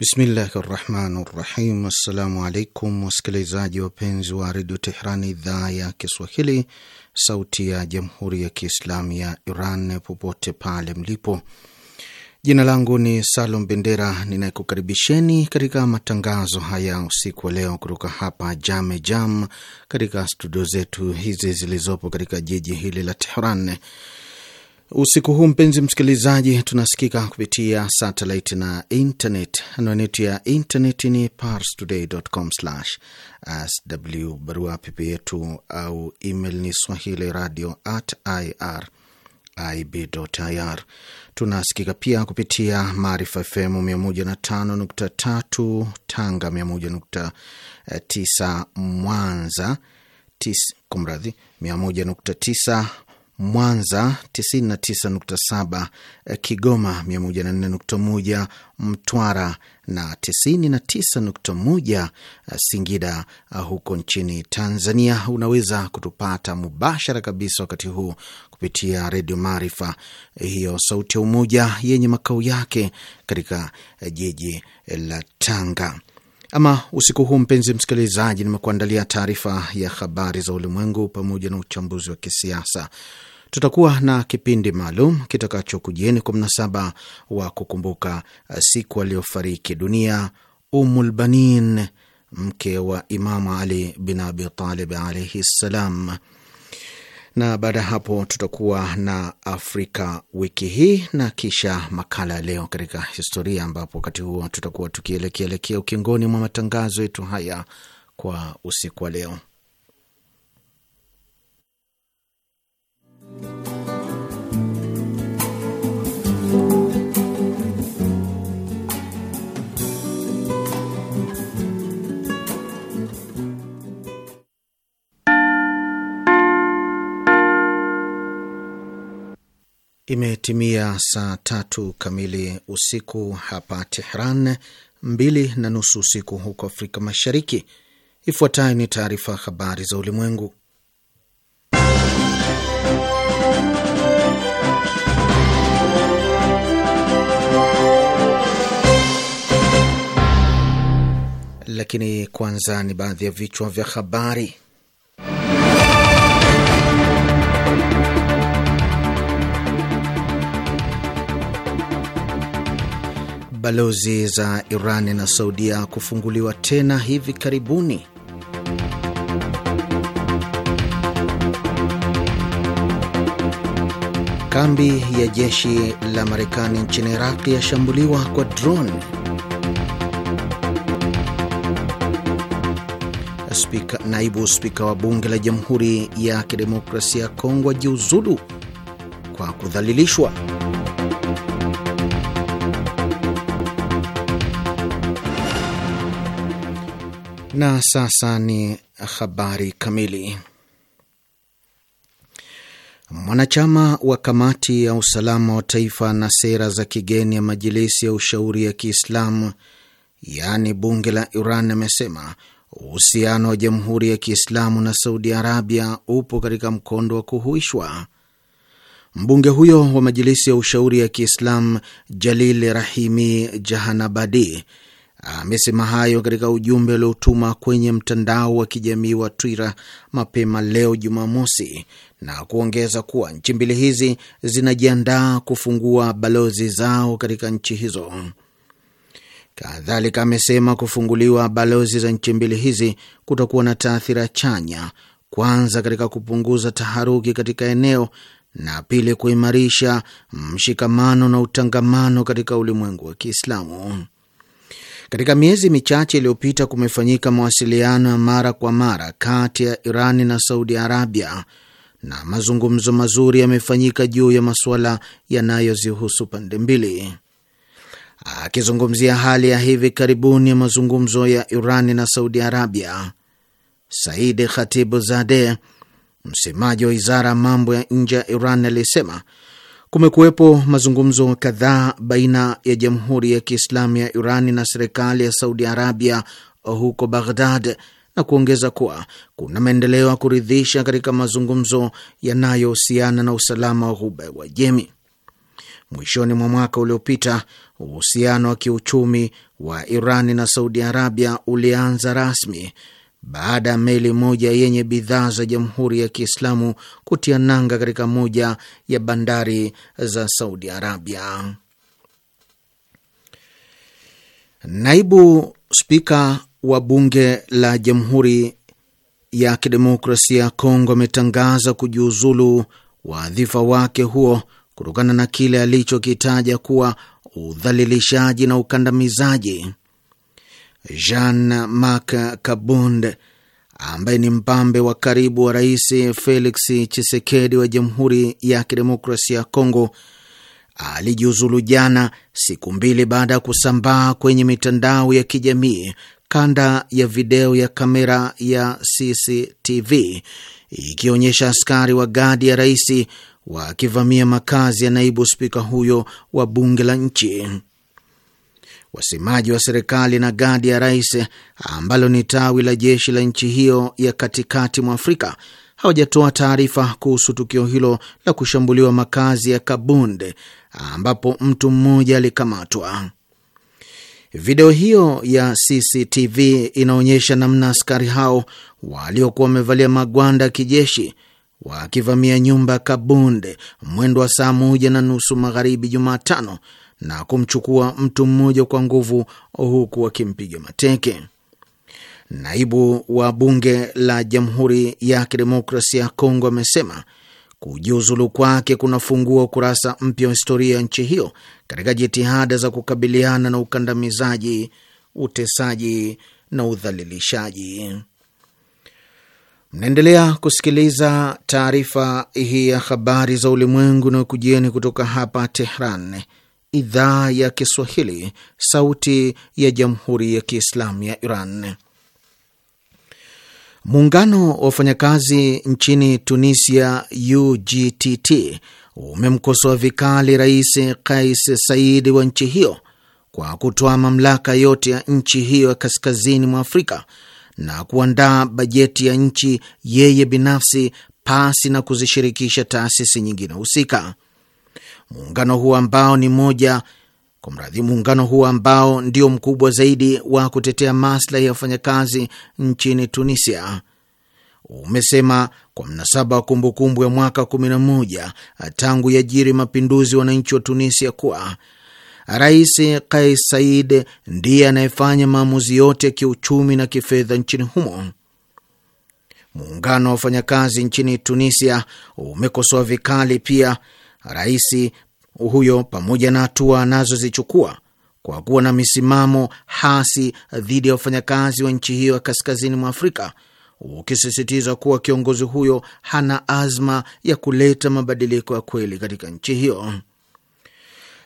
Bismillahi rahmani rahim. Assalamu alaikum wasikilizaji wapenzi wa redio Tehran, idhaa ya Kiswahili, sauti ya jamhuri ya kiislamu ya Iran, popote pale mlipo. Jina langu ni Salum Bendera ninayekukaribisheni katika matangazo haya usiku wa leo kutoka hapa Jame Jam katika studio zetu hizi zilizopo katika jiji hili la Tehran Usiku huu mpenzi msikilizaji, tunasikika kupitia satellite na internet. Anwani yetu ya internet ni parstoday.com/sw. Barua pepe yetu au email ni swahili radio at ibir Tunasikika pia kupitia Maarifa FM 105.3 Tanga, 101.9 Mwanza, kumradhi, 101.9 Mwanza 99.7, eh, Kigoma 104.1, Mtwara na 99.1 eh, Singida eh, huko nchini Tanzania. Unaweza kutupata mubashara kabisa wakati huu kupitia Redio Maarifa, hiyo sauti ya umoja yenye makao yake katika jiji la Tanga. Ama usiku huu, mpenzi msikilizaji, nimekuandalia taarifa ya habari za ulimwengu pamoja na uchambuzi wa kisiasa Tutakuwa na kipindi maalum kitakachokujieni kwa mnasaba wa kukumbuka siku aliyofariki dunia Umulbanin, mke wa Imamu Ali bin Abitalib alaihi ssalam na baada ya hapo tutakuwa na Afrika wiki hii na kisha makala ya leo katika historia, ambapo wakati huo tutakuwa tukielekeelekea ukingoni mwa matangazo yetu haya kwa usiku wa leo. Imetimia saa tatu kamili usiku hapa Tehran, mbili na nusu usiku huko Afrika Mashariki. Ifuatayo ni taarifa habari za ulimwengu, lakini kwanza ni baadhi ya vichwa vya habari. Balozi za Iran na Saudia kufunguliwa tena hivi karibuni. Kambi ya jeshi la Marekani nchini Iraqi yashambuliwa kwa drone. spika, naibu spika wa bunge la Jamhuri ya Kidemokrasia ya Kongo ajiuzulu kwa kudhalilishwa. Na sasa ni habari kamili. Mwanachama wa kamati ya usalama wa taifa na sera za kigeni ya majilisi ya ushauri ya Kiislamu yaani bunge la Iran amesema Uhusiano wa Jamhuri ya Kiislamu na Saudi Arabia upo katika mkondo wa kuhuishwa. Mbunge huyo wa Majilisi ya Ushauri ya Kiislamu Jalil Rahimi Jahanabadi amesema hayo katika ujumbe aliotuma kwenye mtandao wa kijamii wa Twitter mapema leo Jumamosi, na kuongeza kuwa nchi mbili hizi zinajiandaa kufungua balozi zao katika nchi hizo. Kadhalika amesema kufunguliwa balozi za nchi mbili hizi kutakuwa na taathira chanya, kwanza katika kupunguza taharuki katika eneo na pili kuimarisha mshikamano na utangamano katika ulimwengu wa Kiislamu. Katika miezi michache iliyopita kumefanyika mawasiliano ya mara kwa mara kati ya Irani na Saudi Arabia na mazungumzo mazuri yamefanyika juu ya masuala yanayozihusu pande mbili. Akizungumzia hali ya hivi karibuni ya mazungumzo ya Iran na Saudi Arabia, Saidi Khatibu Zade, msemaji wa wizara ya mambo ya nje ya Iran, alisema kumekuwepo mazungumzo kadhaa baina ya Jamhuri ya Kiislamu ya Iran na serikali ya Saudi Arabia huko Baghdad, na kuongeza kuwa kuna maendeleo ya kuridhisha katika mazungumzo yanayohusiana na usalama wa Ghuba ya Uajemi mwishoni mwa mwaka uliopita uhusiano wa kiuchumi wa Iran na Saudi Arabia ulianza rasmi baada ya meli moja yenye bidhaa za Jamhuri ya Kiislamu kutia nanga katika moja ya bandari za Saudi Arabia. Naibu spika wa bunge la Jamhuri ya Kidemokrasia ya Kongo ametangaza kujiuzulu wadhifa wake huo kutokana na kile alichokitaja kuwa udhalilishaji na ukandamizaji. Jean Marc Kabund ambaye ni mpambe wa karibu wa Rais Felix chisekedi wa Jamhuri ya Kidemokrasia ya Kongo alijiuzulu jana, siku mbili baada ya kusambaa kwenye mitandao ya kijamii kanda ya video ya kamera ya CCTV ikionyesha askari wa gadi ya rais wakivamia makazi ya naibu spika huyo wa bunge la nchi. Wasemaji wa serikali na gadi ya rais, ambalo ni tawi la jeshi la nchi hiyo ya katikati mwa Afrika, hawajatoa taarifa kuhusu tukio hilo la kushambuliwa makazi ya Kabunde ambapo mtu mmoja alikamatwa. Video hiyo ya CCTV inaonyesha namna askari hao waliokuwa wamevalia magwanda ya kijeshi wakivamia nyumba ya Kabunde mwendo wa saa moja na nusu magharibi Jumatano na kumchukua mtu mmoja kwa nguvu huku wakimpiga mateke. Naibu wa bunge la Jamhuri ya Kidemokrasia ya Kongo amesema kujiuzulu kwake kunafungua ukurasa mpya wa historia ya nchi hiyo katika jitihada za kukabiliana na ukandamizaji, utesaji na udhalilishaji. Mnaendelea kusikiliza taarifa hii ya habari za ulimwengu na kujieni kutoka hapa Tehran, idhaa ya Kiswahili, sauti ya jamhuri ya kiislamu ya Iran. Muungano wa wafanyakazi nchini Tunisia, UGTT, umemkosoa vikali Rais Kais Saidi wa nchi hiyo kwa kutoa mamlaka yote ya nchi hiyo ya kaskazini mwa Afrika na kuandaa bajeti ya nchi yeye binafsi pasi na kuzishirikisha taasisi nyingine husika. Muungano huo ambao ni moja kwa mradhi, muungano huo ambao ndio mkubwa zaidi wa kutetea maslahi ya wafanyakazi nchini Tunisia umesema kwa mnasaba wa kumbukumbu ya mwaka 11 tangu yajiri mapinduzi wananchi wa Tunisia kuwa Rais Kais Said ndiye anayefanya maamuzi yote ya kiuchumi na kifedha nchini humo. Muungano wa wafanyakazi nchini Tunisia umekosoa vikali pia rais huyo pamoja na hatua anazozichukua kwa kuwa na misimamo hasi dhidi ya wafanyakazi wa nchi hiyo ya kaskazini mwa Afrika, ukisisitiza kuwa kiongozi huyo hana azma ya kuleta mabadiliko ya kweli katika nchi hiyo.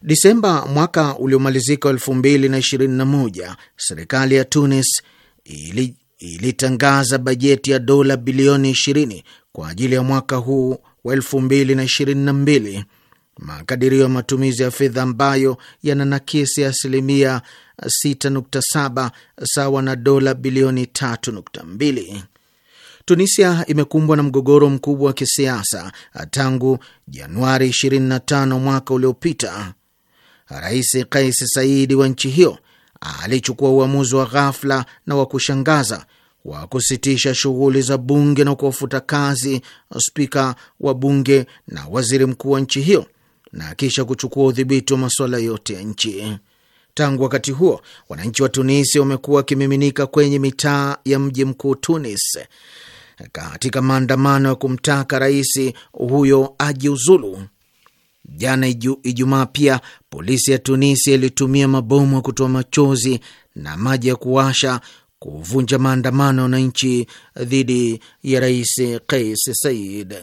Disemba mwaka uliomalizika elfu serikali ya Tunis ili ilitangaza bajeti ya dola bilioni 20 kwa ajili ya mwaka huu wa 2022, makadirio ya matumizi ya fedha ambayo yana nakisi asilimia 6.7 sawa na dola bilioni 3.2. Tunisia imekumbwa na mgogoro mkubwa wa kisiasa tangu Januari 25 mwaka uliopita Rais Kais Saidi wa nchi hiyo alichukua uamuzi wa ghafla na wa kushangaza wa kusitisha shughuli za bunge na kuwafuta kazi spika wa bunge na waziri mkuu wa nchi hiyo na kisha kuchukua udhibiti wa masuala yote ya nchi. Tangu wakati huo, wananchi wa Tunisia wamekuwa wakimiminika kwenye mitaa ya mji mkuu Tunis katika maandamano ya kumtaka rais huyo ajiuzulu. Jana Ijumaa pia polisi ya Tunisia ilitumia mabomu ya kutoa machozi na maji ya kuwasha kuvunja maandamano ya wananchi dhidi ya rais Kais Saied.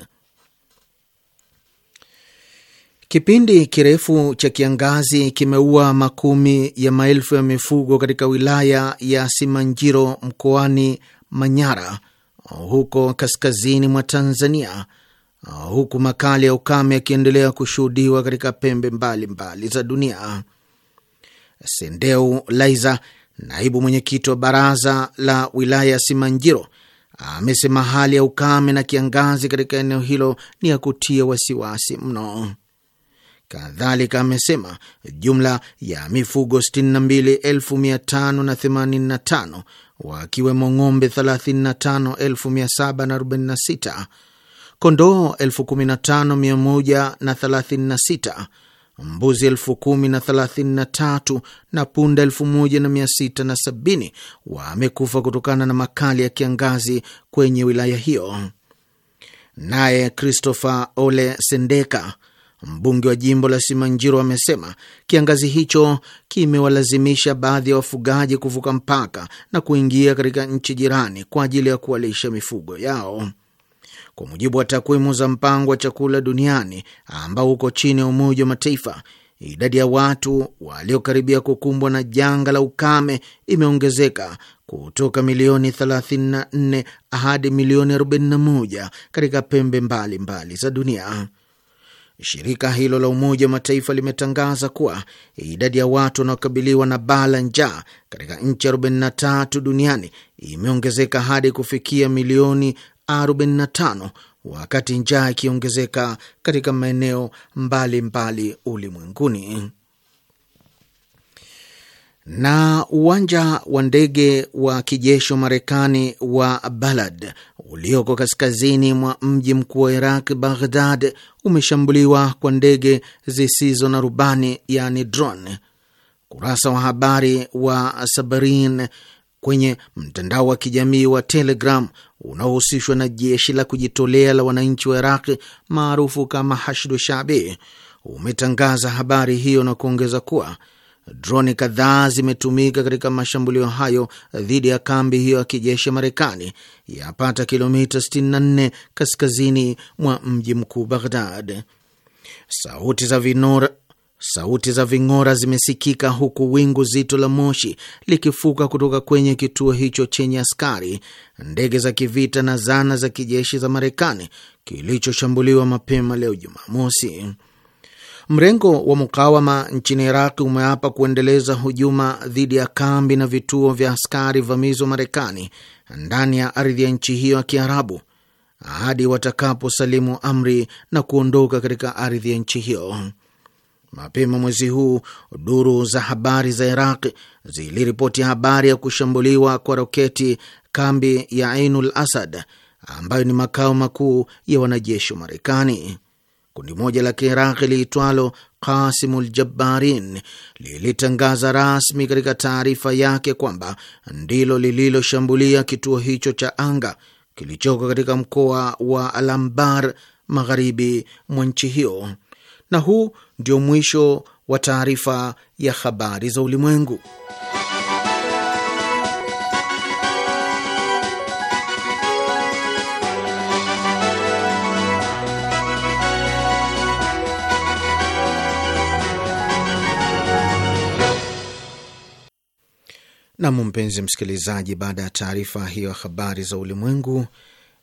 Kipindi kirefu cha kiangazi kimeua makumi ya maelfu ya mifugo katika wilaya ya Simanjiro mkoani Manyara huko kaskazini mwa Tanzania Ah, huku makali ya ukame yakiendelea kushuhudiwa katika pembe mbalimbali mbali za dunia. Sendeu Laiza, naibu mwenyekiti wa baraza la wilaya ya Simanjiro, amesema hali ya ukame na kiangazi katika eneo hilo ni ya kutia wasiwasi mno. Kadhalika amesema jumla ya mifugo 62585 wakiwemo ng'ombe 35746 kondoo 15136 mbuzi elfu na na na punda 1670 wamekufa kutokana na makali ya kiangazi kwenye wilaya hiyo. Naye Christopher Ole Sendeka, mbunge wa jimbo la Simanjiro, amesema kiangazi hicho kimewalazimisha baadhi ya wafugaji kuvuka mpaka na kuingia katika nchi jirani kwa ajili ya kuwalisha mifugo yao kwa mujibu wa takwimu za mpango wa chakula duniani ambao uko chini ya Umoja wa Mataifa, idadi ya watu waliokaribia kukumbwa na janga la ukame imeongezeka kutoka milioni 34 hadi milioni 41 katika pembe mbalimbali mbali za dunia. Shirika hilo la Umoja wa Mataifa limetangaza kuwa idadi ya watu wanaokabiliwa na baa la njaa katika nchi 43 duniani imeongezeka hadi kufikia milioni 45 wakati njaa ikiongezeka katika maeneo mbalimbali ulimwenguni. Na uwanja wa ndege wa kijeshi wa Marekani wa Balad ulioko kaskazini mwa mji mkuu wa Iraq, Baghdad, umeshambuliwa kwa ndege zisizo na rubani, yani drone. Kurasa wa habari wa Sabarin kwenye mtandao wa kijamii wa Telegram unaohusishwa na jeshi la kujitolea la wananchi wa Iraqi maarufu kama Hashdu Shabi umetangaza habari hiyo na kuongeza kuwa droni kadhaa zimetumika katika mashambulio hayo dhidi ya kambi hiyo ya kijeshi ya Marekani yapata kilomita 64 kaskazini mwa mji mkuu Baghdad. Sauti za vinora Sauti za ving'ora zimesikika huku wingu zito la moshi likifuka kutoka kwenye kituo hicho chenye askari, ndege za kivita na zana za kijeshi za Marekani kilichoshambuliwa mapema leo Jumamosi. Mrengo wa mukawama nchini Iraqi umeapa kuendeleza hujuma dhidi ya kambi na vituo vya askari vamizi wa Marekani ndani ya ardhi ya nchi hiyo ya Kiarabu hadi watakaposalimu amri na kuondoka katika ardhi ya nchi hiyo. Mapema mwezi huu duru za habari za Iraq ziliripoti habari ya kushambuliwa kwa roketi kambi ya Ainul Asad ambayo ni makao makuu ya wanajeshi wa Marekani. Kundi moja la Kiiraqi liitwalo Kasimul Jabbarin lilitangaza rasmi katika taarifa yake kwamba ndilo lililoshambulia kituo hicho cha anga kilichoko katika mkoa wa Alambar magharibi mwa nchi hiyo. Na huu ndio mwisho wa taarifa ya habari za ulimwengu. Nam, mpenzi msikilizaji, baada ya taarifa hiyo ya habari za ulimwengu,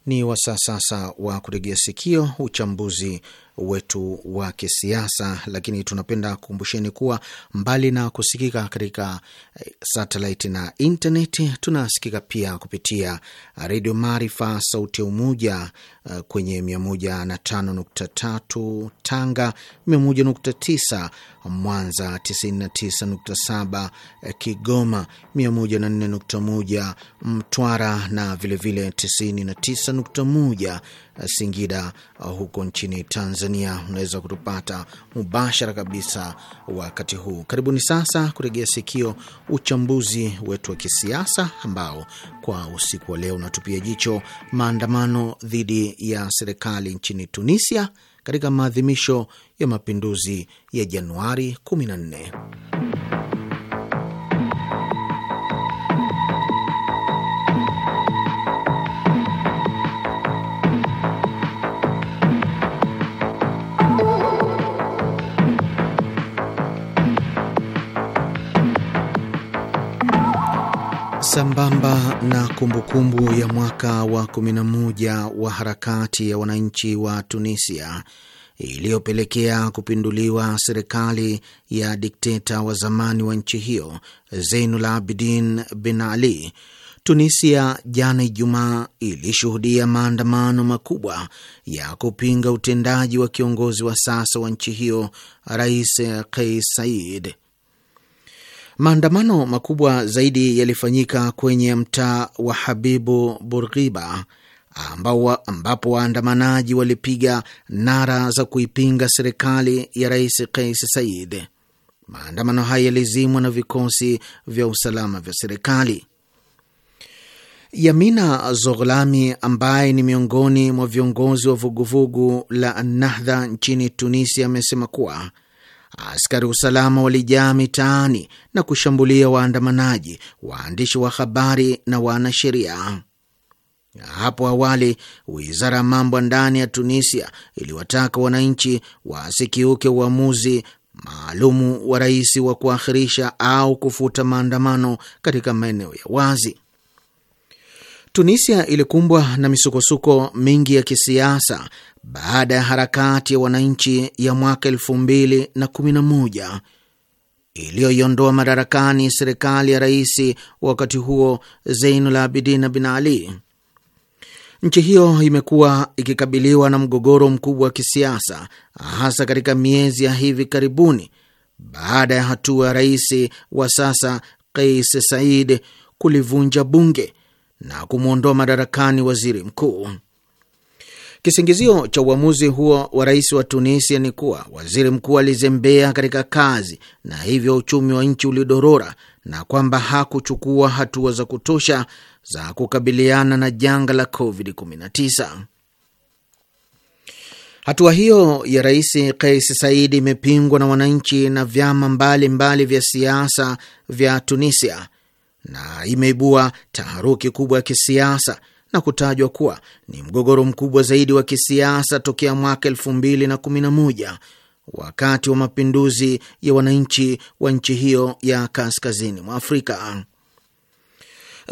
ni wasaa sasa wa kuregea sikio uchambuzi wetu wa kisiasa, lakini tunapenda kukumbusheni kuwa mbali na kusikika katika eh, satellite na intaneti, tunasikika pia kupitia Redio Maarifa, Sauti ya Umoja Uh, kwenye 105.3 Tanga, 101.9 Mwanza, 99.7 Kigoma, 104.1 Mtwara na vilevile 99.1 Singida uh, huko nchini Tanzania. Unaweza kutupata mubashara kabisa wakati huu. Karibuni sasa kuregea sikio uchambuzi wetu wa kisiasa ambao kwa usiku wa leo unatupia jicho maandamano dhidi ya serikali nchini Tunisia katika maadhimisho ya mapinduzi ya Januari 14. Sambamba na kumbukumbu kumbu ya mwaka wa 11 wa harakati ya wananchi wa Tunisia iliyopelekea kupinduliwa serikali ya dikteta wa zamani wa nchi hiyo Zeinul Abidin bin Ali, Tunisia jana Ijumaa ilishuhudia maandamano makubwa ya kupinga utendaji wa kiongozi wa sasa wa nchi hiyo, Rais Kais Saied. Maandamano makubwa zaidi yalifanyika kwenye mtaa wa Habibu burghiba ambapo waandamanaji walipiga nara za kuipinga serikali ya Rais Kais said Maandamano haya yalizimwa na vikosi vya usalama vya serikali. Yamina Zoghlami ambaye ni miongoni mwa viongozi wa vuguvugu la Nahdha nchini Tunisia amesema kuwa askari usalama walijaa mitaani na kushambulia waandamanaji, waandishi wa habari na wanasheria. Hapo awali wizara ya mambo ya ndani ya Tunisia iliwataka wananchi wasikiuke uamuzi maalumu wa rais wa kuakhirisha au kufuta maandamano katika maeneo ya wazi. Tunisia ilikumbwa na misukosuko mingi ya kisiasa baada ya harakati ya wananchi ya mwaka elfu mbili na kumi na moja iliyoiondoa madarakani serikali ya rais wakati huo Zeinul Abidin Bin Ali. Nchi hiyo imekuwa ikikabiliwa na mgogoro mkubwa wa kisiasa hasa katika miezi ya hivi karibuni baada ya hatua ya rais wa sasa Kais said kulivunja bunge na kumwondoa madarakani waziri mkuu. Kisingizio cha uamuzi huo wa rais wa Tunisia ni kuwa waziri mkuu alizembea katika kazi na hivyo uchumi wa nchi ulidorora na kwamba hakuchukua hatua za kutosha za kukabiliana na janga la COVID-19. Hatua hiyo ya rais Kais Saidi imepingwa na wananchi na vyama mbalimbali mbali vya siasa vya Tunisia na imeibua taharuki kubwa ya kisiasa na kutajwa kuwa ni mgogoro mkubwa zaidi wa kisiasa tokea mwaka elfu mbili na kumi na moja wakati wa mapinduzi ya wananchi wa nchi hiyo ya kaskazini mwa Afrika.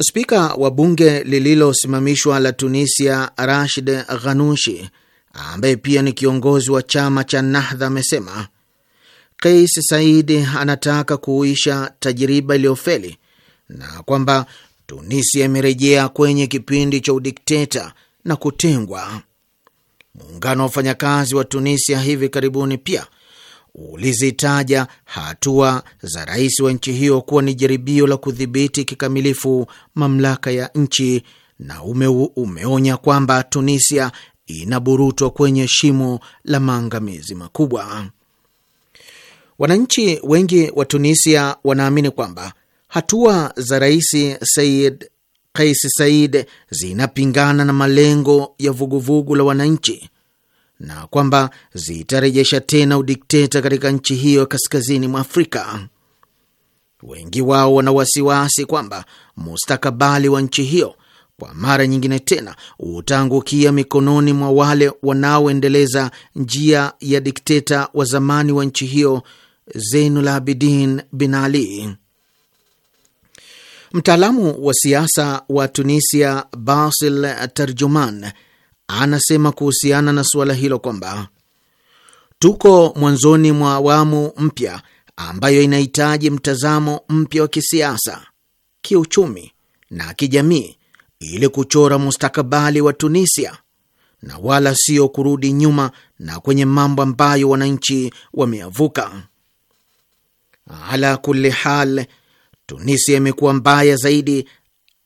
Spika wa bunge lililosimamishwa la Tunisia, Rashid Ghanushi, ambaye pia ni kiongozi wa chama cha Nahdha, amesema Kais Saidi anataka kuuisha tajiriba iliyofeli na kwamba Tunisia imerejea kwenye kipindi cha udikteta na kutengwa. Muungano wa wafanyakazi wa Tunisia hivi karibuni pia ulizitaja hatua za rais wa nchi hiyo kuwa ni jaribio la kudhibiti kikamilifu mamlaka ya nchi na ume, umeonya kwamba Tunisia inaburutwa kwenye shimo la maangamizi makubwa. Wananchi wengi wa Tunisia wanaamini kwamba Hatua za Rais Said Kais Said zinapingana na malengo ya vuguvugu la wananchi na kwamba zitarejesha tena udikteta katika nchi hiyo ya kaskazini mwa Afrika. Wengi wao wana wasiwasi kwamba mustakabali wa nchi hiyo kwa mara nyingine tena utaangukia mikononi mwa wale wanaoendeleza njia ya dikteta wa zamani wa nchi hiyo Zeinul Abidin Bin Ali. Mtaalamu wa siasa wa Tunisia, Basil Tarjuman, anasema kuhusiana na suala hilo kwamba tuko mwanzoni mwa awamu mpya ambayo inahitaji mtazamo mpya wa kisiasa, kiuchumi na kijamii ili kuchora mustakabali wa Tunisia na wala sio kurudi nyuma na kwenye mambo ambayo wananchi wameavuka Ala kulli hal Tunisia imekuwa mbaya zaidi,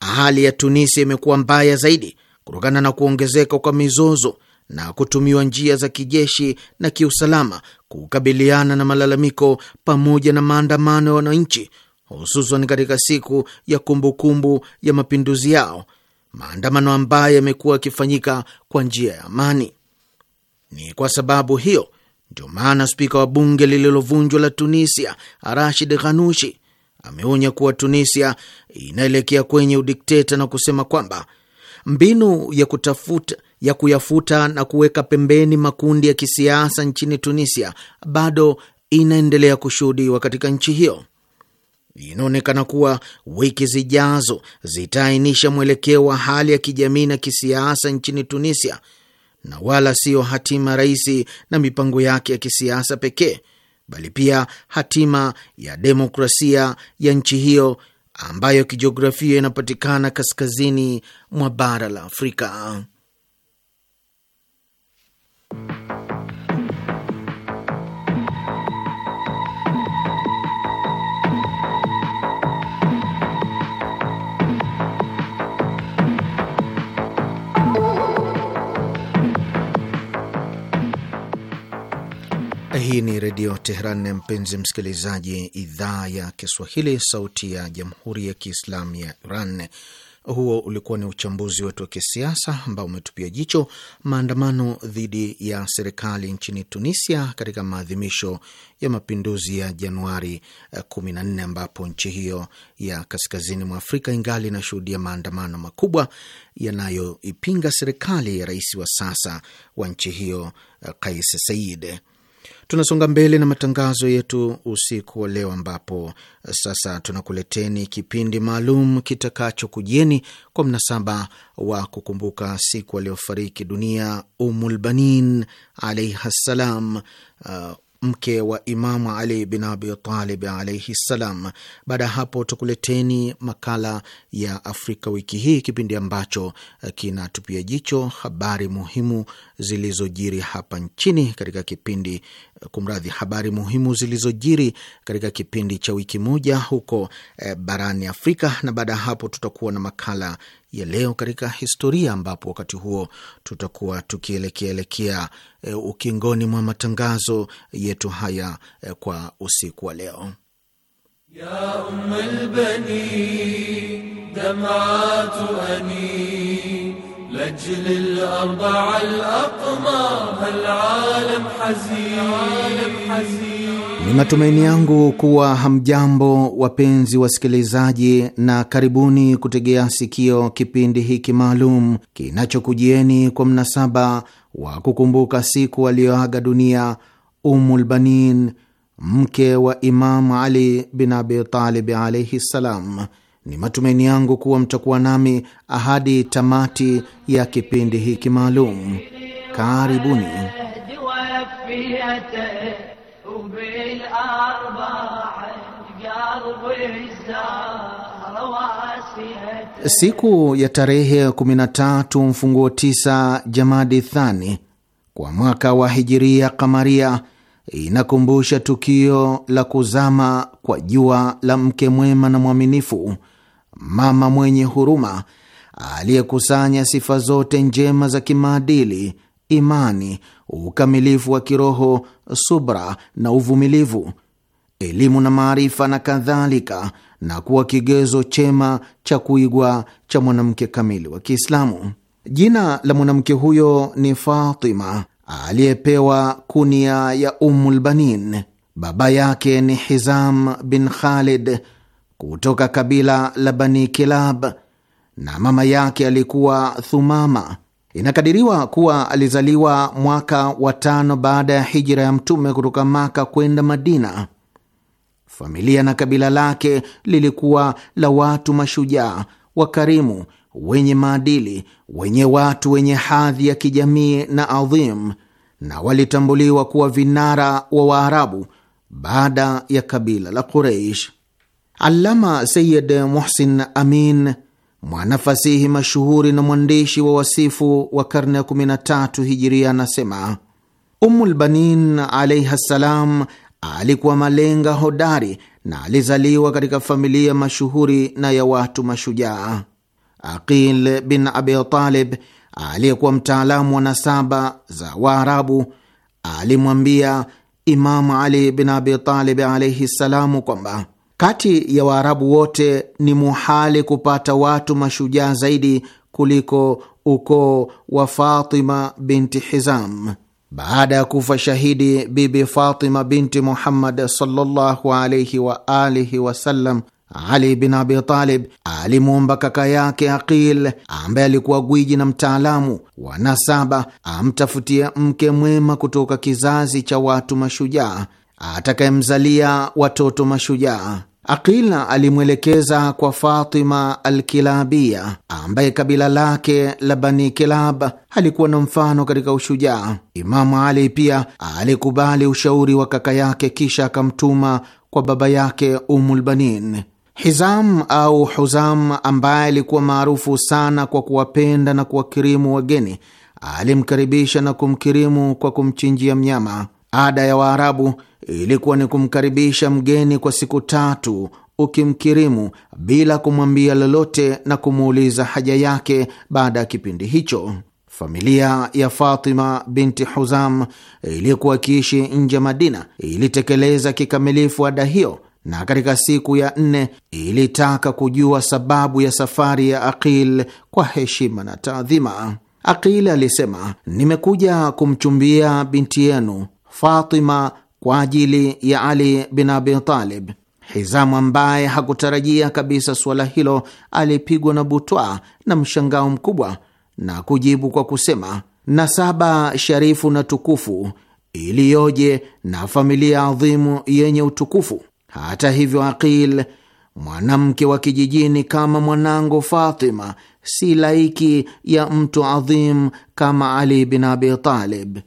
hali ya Tunisia imekuwa mbaya zaidi kutokana na kuongezeka kwa mizozo na kutumiwa njia za kijeshi na kiusalama kukabiliana na malalamiko pamoja na maandamano ya wananchi, hususan katika siku ya kumbukumbu kumbu ya mapinduzi yao, maandamano ambayo yamekuwa yakifanyika kwa njia ya amani. Ni kwa sababu hiyo ndio maana spika wa bunge lililovunjwa la Tunisia Rashid Ghanushi ameonya kuwa Tunisia inaelekea kwenye udikteta na kusema kwamba mbinu ya kutafuta ya kuyafuta na kuweka pembeni makundi ya kisiasa nchini Tunisia bado inaendelea kushuhudiwa katika nchi hiyo. Inaonekana kuwa wiki zijazo zitaainisha mwelekeo wa hali ya kijamii na kisiasa nchini Tunisia, na wala siyo hatima rais na mipango yake ya kisiasa pekee, bali pia hatima ya demokrasia ya nchi hiyo ambayo kijiografia inapatikana kaskazini mwa bara la Afrika. Hii ni Redio Teheran, mpenzi msikilizaji, idhaa ya Kiswahili, sauti ya jamhuri ya kiislamu ya Iran. Huo ulikuwa ni uchambuzi wetu wa kisiasa ambao umetupia jicho maandamano dhidi ya serikali nchini Tunisia katika maadhimisho ya mapinduzi ya Januari 14 eh, ambapo nchi hiyo ya kaskazini mwa Afrika ingali inashuhudia maandamano makubwa yanayoipinga serikali ya rais wa sasa wa nchi hiyo eh, Kais Saied. Tunasonga mbele na matangazo yetu usiku wa leo, ambapo sasa tunakuleteni kipindi maalum kujieni kwa mnasaba wa kukumbuka siku aliyofariki dunia Umulbanin alaihi ssalam, uh, mke wa Imamu Ali bin Abi Talib alaihi ssalam. Baada ya hapo, tukuleteni makala ya Afrika wiki hii, kipindi ambacho uh, kinatupia jicho habari muhimu zilizojiri hapa nchini katika kipindi kumradhi, habari muhimu zilizojiri katika kipindi cha wiki moja huko e, barani Afrika, na baada ya hapo tutakuwa na makala ya leo katika historia, ambapo wakati huo tutakuwa tukielekeaelekea e, eh, ukingoni mwa matangazo yetu haya e, kwa usiku wa leo ya لأجل الأربعة الأقمار العالم حزين. Ni matumaini yangu kuwa hamjambo wapenzi wasikilizaji, na karibuni kutegea sikio kipindi hiki maalum kinachokujieni kwa mnasaba wa kukumbuka siku aliyoaga dunia ummulbanin mke wa Imamu Ali bin Abi Talib alaihi ssalam. Ni matumaini yangu kuwa mtakuwa nami ahadi tamati ya kipindi hiki maalum. Karibuni. Siku ya tarehe 13 mfunguo 9 Jamadi Thani kwa mwaka wa Hijiria Kamaria inakumbusha tukio la kuzama kwa jua la mke mwema na mwaminifu, mama mwenye huruma aliyekusanya sifa zote njema za kimaadili, imani, ukamilifu wa kiroho, subra na uvumilivu, elimu na maarifa na kadhalika, na kuwa kigezo chema cha kuigwa cha mwanamke kamili wa Kiislamu. Jina la mwanamke huyo ni Fatima aliyepewa kunia ya Ummul Banin. Baba yake ni Hizam bin Khalid kutoka kabila la Bani Kilab na mama yake alikuwa Thumama. Inakadiriwa kuwa alizaliwa mwaka wa tano baada ya hijra ya Mtume kutoka Maka kwenda Madina. Familia na kabila lake lilikuwa la watu mashujaa wakarimu wenye maadili, wenye watu wenye hadhi ya kijamii na adhim, na walitambuliwa kuwa vinara wa Waarabu baada ya kabila la Quraish. Allama Sayid Muhsin Amin, mwanafasihi mashuhuri na mwandishi wa wasifu wa karne ya 13 Hijiria, anasema Ummulbanin alaihi ssalam alikuwa malenga hodari na alizaliwa katika familia mashuhuri na ya watu mashujaa. Aqil bin Abi Talib aliyekuwa mtaalamu wa nasaba za Waarabu alimwambia Imamu Ali bin Abi Talib alaihi ssalamu kwamba kati ya Waarabu wote ni muhali kupata watu mashujaa zaidi kuliko ukoo wa Fatima binti Hizam. Baada ya kufa shahidi Bibi Fatima binti Muhammad sallallahu alaihi wa alihi wasallam ali bin Abi Talib alimwomba kaka yake Aqil ambaye alikuwa gwiji na mtaalamu wa nasaba amtafutie mke mwema kutoka kizazi cha watu mashujaa atakayemzalia watoto mashujaa. Aqila alimwelekeza kwa Fatima Alkilabia ambaye kabila lake la Bani Kilab alikuwa na mfano katika ushujaa. Imamu Ali pia alikubali ushauri wa kaka yake, kisha akamtuma kwa baba yake Umulbanin. Hizam au Huzam, ambaye alikuwa maarufu sana kwa kuwapenda na kuwakirimu wageni, alimkaribisha na kumkirimu kwa kumchinjia mnyama. Ada ya Waarabu ilikuwa ni kumkaribisha mgeni kwa siku tatu, ukimkirimu bila kumwambia lolote na kumuuliza haja yake. Baada ya kipindi hicho, familia ya Fatima binti Huzam iliyokuwa ikiishi nje Madina ilitekeleza kikamilifu ada hiyo na katika siku ya nne ilitaka kujua sababu ya safari ya Aqil kwa heshima na taadhima. Aqil alisema, nimekuja kumchumbia binti yenu Fatima kwa ajili ya Ali bin Abi Talib. Hizamu ambaye hakutarajia kabisa suala hilo alipigwa na butwa na mshangao mkubwa na kujibu kwa kusema, nasaba sharifu na tukufu iliyoje na familia adhimu yenye utukufu hata hivyo, Aqil, mwanamke wa kijijini kama mwanangu Fatima, si laiki ya mtu adhim kama Ali bin Abi Talib.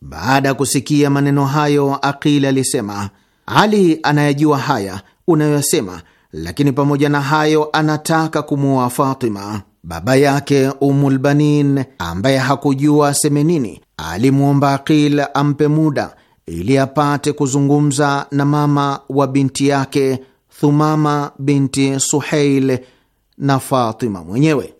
Baada ya kusikia maneno hayo, Aqil alisema, Ali anayajua haya unayoyasema, lakini pamoja na hayo anataka kumuoa Fatima. Baba yake Umulbanin, ambaye hakujua semenini, alimwomba Aqil ampe muda ili apate kuzungumza na mama wa binti yake Thumama binti Suheil na Fatima mwenyewe.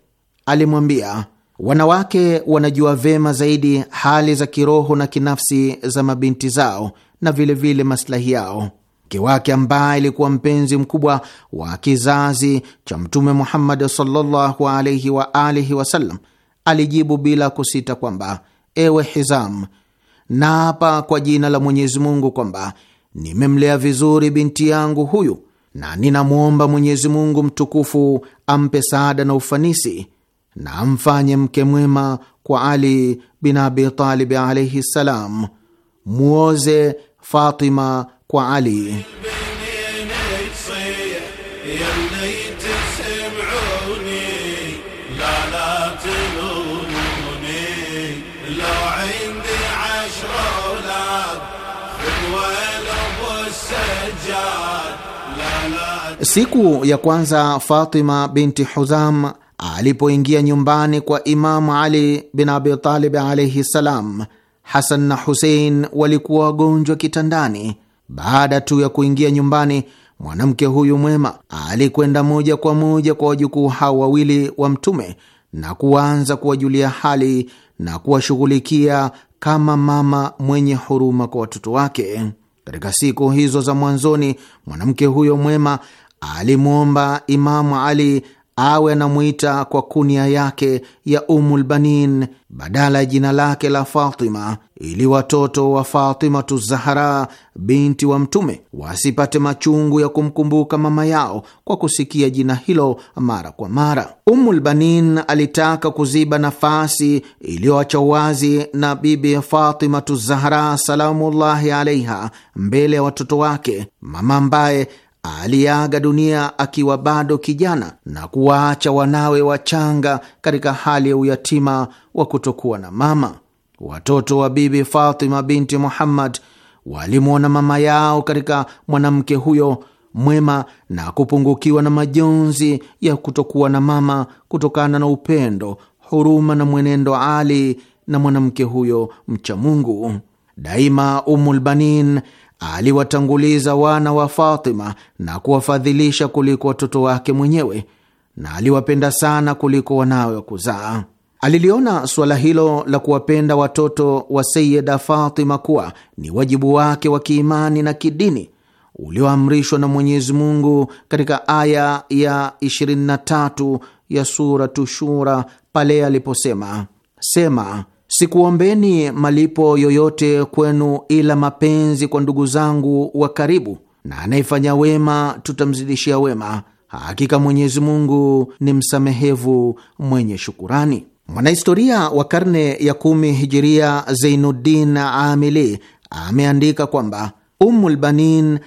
Alimwambia, wanawake wanajua vema zaidi hali za kiroho na kinafsi za mabinti zao na vilevile vile maslahi yao. Mke wake ambaye alikuwa mpenzi mkubwa wa kizazi cha Mtume Muhammad sallallahu alaihi wa alihi wasallam alijibu bila kusita kwamba, ewe Hizam, hapa kwa jina la Mwenyezi Mungu kwamba nimemlea vizuri binti yangu huyu, na ninamwomba Mwenyezi Mungu mtukufu ampe saada na ufanisi na amfanye mke mwema kwa Ali bin Abi Talib alaihi ssalam. Muoze Fatima kwa Ali. Siku ya kwanza Fatima binti Huzam alipoingia nyumbani kwa Imamu Ali bin Abi Talib alaihi ssalam, Hasan na Husein walikuwa wagonjwa kitandani. Baada tu ya kuingia nyumbani, mwanamke huyu mwema alikwenda moja kwa moja kwa wajukuu hao wawili wa Mtume na kuanza kuwajulia hali na kuwashughulikia kama mama mwenye huruma kwa watoto wake. Katika siku hizo za mwanzoni, mwanamke huyo mwema alimwomba Imamu Ali awe anamwita kwa kunia yake ya Umulbanin badala ya jina lake la Fatima, ili watoto wa Fatimatu Zahara binti wa Mtume wasipate machungu ya kumkumbuka mama yao kwa kusikia jina hilo mara kwa mara. Umulbanin alitaka kuziba nafasi iliyoacha wazi na Bibi Fatimatu Zahara salamullahi alaiha mbele ya watoto wake, mama ambaye aliaga dunia akiwa bado kijana na kuwaacha wanawe wachanga katika hali ya uyatima wa kutokuwa na mama. Watoto wa Bibi Fatima binti Muhammad walimwona mama yao katika mwanamke huyo mwema na kupungukiwa na majonzi ya kutokuwa na mama kutokana na upendo, huruma na mwenendo ali na mwanamke huyo mcha Mungu. Daima Umulbanin aliwatanguliza wana wa Fatima na kuwafadhilisha kuliko watoto wake mwenyewe, na aliwapenda sana kuliko wanawe wa kuzaa. Aliliona suala hilo la kuwapenda watoto wa Sayida Fatima kuwa ni wajibu wake wa kiimani na kidini ulioamrishwa na Mwenyezi Mungu katika aya ya 23 ya Suratu Shura pale aliposema: Sema, Sikuombeni malipo yoyote kwenu ila mapenzi kwa ndugu zangu wa karibu, na anayefanya wema tutamzidishia wema. Hakika Mwenyezi Mungu ni msamehevu mwenye shukurani. Mwanahistoria wa karne ya kumi hijiria zeinuddin Amili ameandika kwamba ummulbanin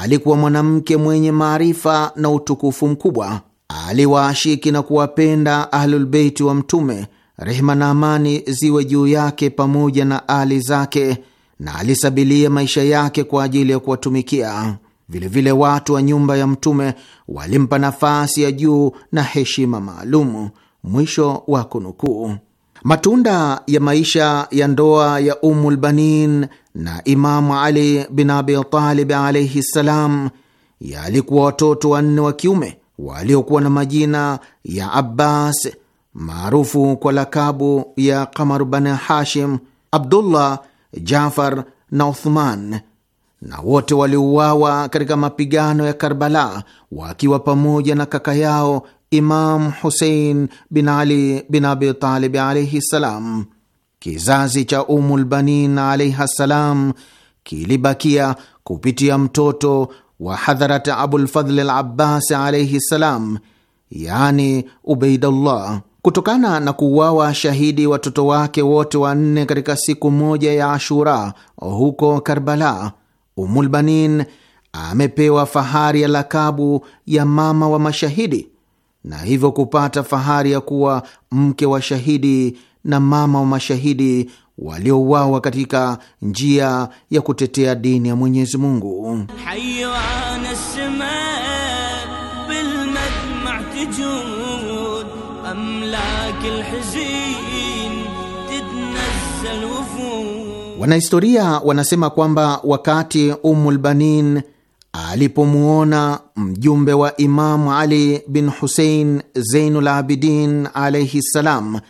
alikuwa mwanamke mwenye maarifa na utukufu mkubwa. Aliwaashiki na kuwapenda Ahlulbeiti wa Mtume rehma na amani ziwe juu yake pamoja na ali zake, na alisabilia maisha yake kwa ajili ya kuwatumikia. Vilevile watu wa nyumba ya Mtume walimpa nafasi ya juu na heshima maalumu. Mwisho wa kunukuu. Matunda ya maisha ya ndoa ya ummulbanin na Imamu Ali bin Abitalib alaihi ssalam yalikuwa watoto wanne wa kiume waliokuwa na majina ya Abbas, maarufu kwa lakabu ya Qamar bin Hashim, Abdullah, Jafar na Uthman, na wote waliuawa katika mapigano ya Karbala wakiwa pamoja na kaka yao Imam Husein bin Ali bin Abi Talib alaihi ssalam. Kizazi cha Umulbanin alaihi ssalam kilibakia kupitia mtoto wa Hadharat Abulfadhli al Abbasi alaihi ssalam, yani Ubeidullah. Kutokana na kuuawa shahidi watoto wake wote wanne katika siku moja ya Ashura huko Karbala, Umulbanin amepewa fahari ya lakabu ya mama wa mashahidi na hivyo kupata fahari ya kuwa mke wa shahidi na mama wa mashahidi waliouawa katika njia ya kutetea dini ya Mwenyezi Mungu. Wanahistoria wanasema kwamba wakati Umulbanin alipomwona mjumbe wa Imamu Ali bin Husein Zeinul Abidin alaihi ssalam